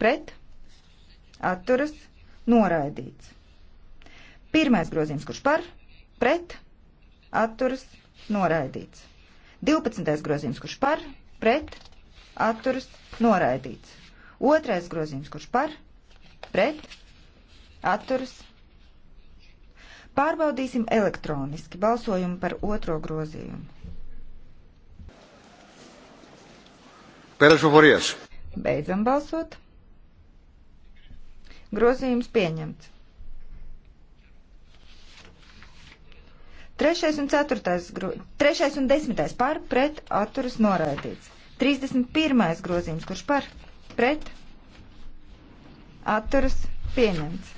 pret, atturas, noraidīts. Pirmais grozījums, kurš par, pret, atturas, noraidīts. 12. grozījums, kurš par, pret, atturas, noraidīts. Otrais grozījums, kurš par, pret, atturas. Pārbaudīsim elektroniski balsojumu par otro grozījumu. Pēdējais. Beidzam balsot. Grozījums pieņemts. Trešais un ceturtais, gro... trešais un desmitais par, pret, atturas noraidīts. 31. grozījums, kurš par, pret, atturas pieņemts.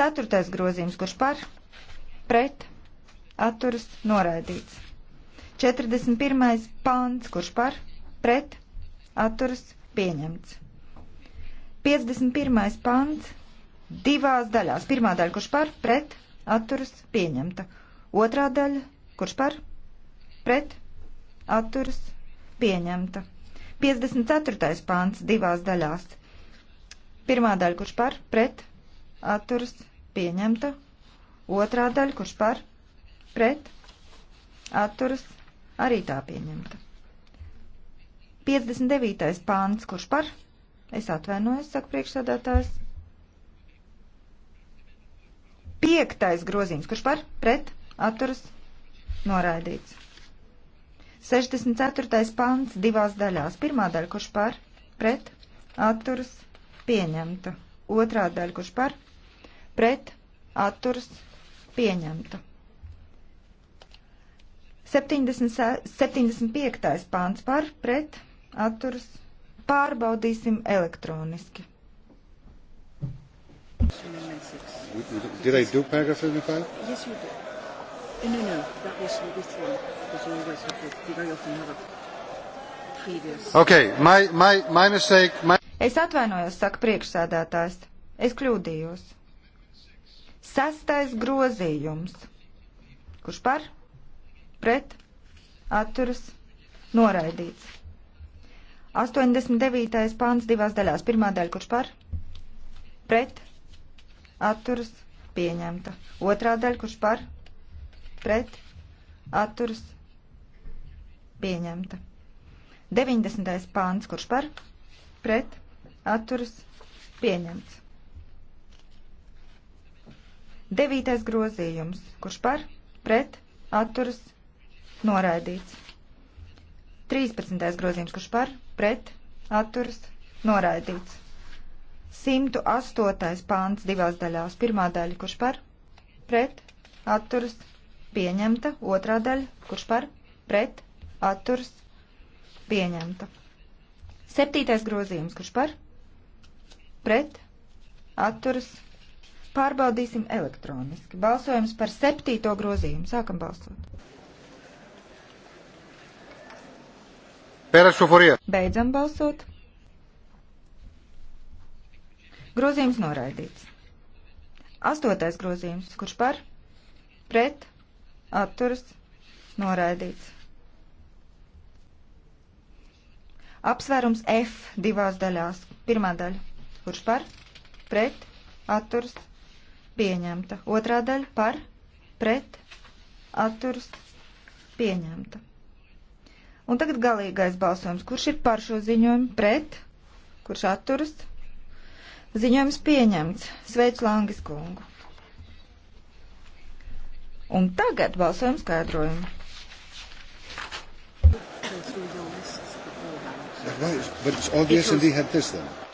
Ceturtais grozījums, kurš par, pret, atturas noraidīts. 41. pāns, kurš par, pret, atturas pieņemts. 51. pants divās daļās. Pirmā daļa, kurš par, pret, atturas, pieņemta. Otrā daļa, kurš par, pret, atturas, pieņemta. 54. pants divās daļās. Pirmā daļa, kurš par, pret, atturas, pieņemta. Otrā daļa, kurš par, pret, atturas, arī tā pieņemta. 59. pāns, kurš par, Es atvainojos, saka priekšsādātājs. Piektais grozījums, kurš par pret atturas noraidīts. 64. pants divās daļās. Pirmā daļa, kurš par pret atturas pieņemta. Otrā daļa, kurš par pret atturas pieņemta. 70, 75. pāns par pret atturas pieņemta Pārbaudīsim elektroniski. Did I do paragraph 75? Yes, you did. Uh, no, no, that was this one. Because you always have to, you very often have a previous. Okay, my, my, my mistake. My... Es atvainojos, saka priekšsēdētājs. Es kļūdījos. Sastais grozījums. Kurš par? Pret? Atturas? Noraidīts. 89. pāns divās daļās. Pirmā daļa, kurš par? Pret. Atturas. Pieņemta. Otrā daļa, kurš par? Pret. Atturas. Pieņemta. 90. pāns, kurš par? Pret. Atturas. Pieņemts. Devītais grozījums, kurš par? Pret. Atturas. Noraidīts. 13. grozījums, kurš par, pret, atturas, noraidīts. 108. pāns divās daļās. Pirmā daļa, kurš par, pret, atturas, pieņemta. Otrā daļa, kurš par, pret, atturas, pieņemta. Septītais grozījums, kurš par, pret, atturas, pārbaudīsim elektroniski. Balsojums par septīto grozījumu. Sākam balsot. Beidzam balsot. Grozījums noraidīts. Astotais grozījums, kurš par, pret, atturas, noraidīts. Apsvērums F divās daļās. Pirmā daļa, kurš par, pret, atturas, pieņemta. Otrā daļa par, pret, atturas, pieņemta. Un tagad galīgais balsojums. Kurš ir par šo ziņojumu? Pret? Kurš atturas? Ziņojums pieņemts. Sveic Langis kungu. Un tagad balsojam skaidrojumu. But, why, but it's obvious it was, and he had this then.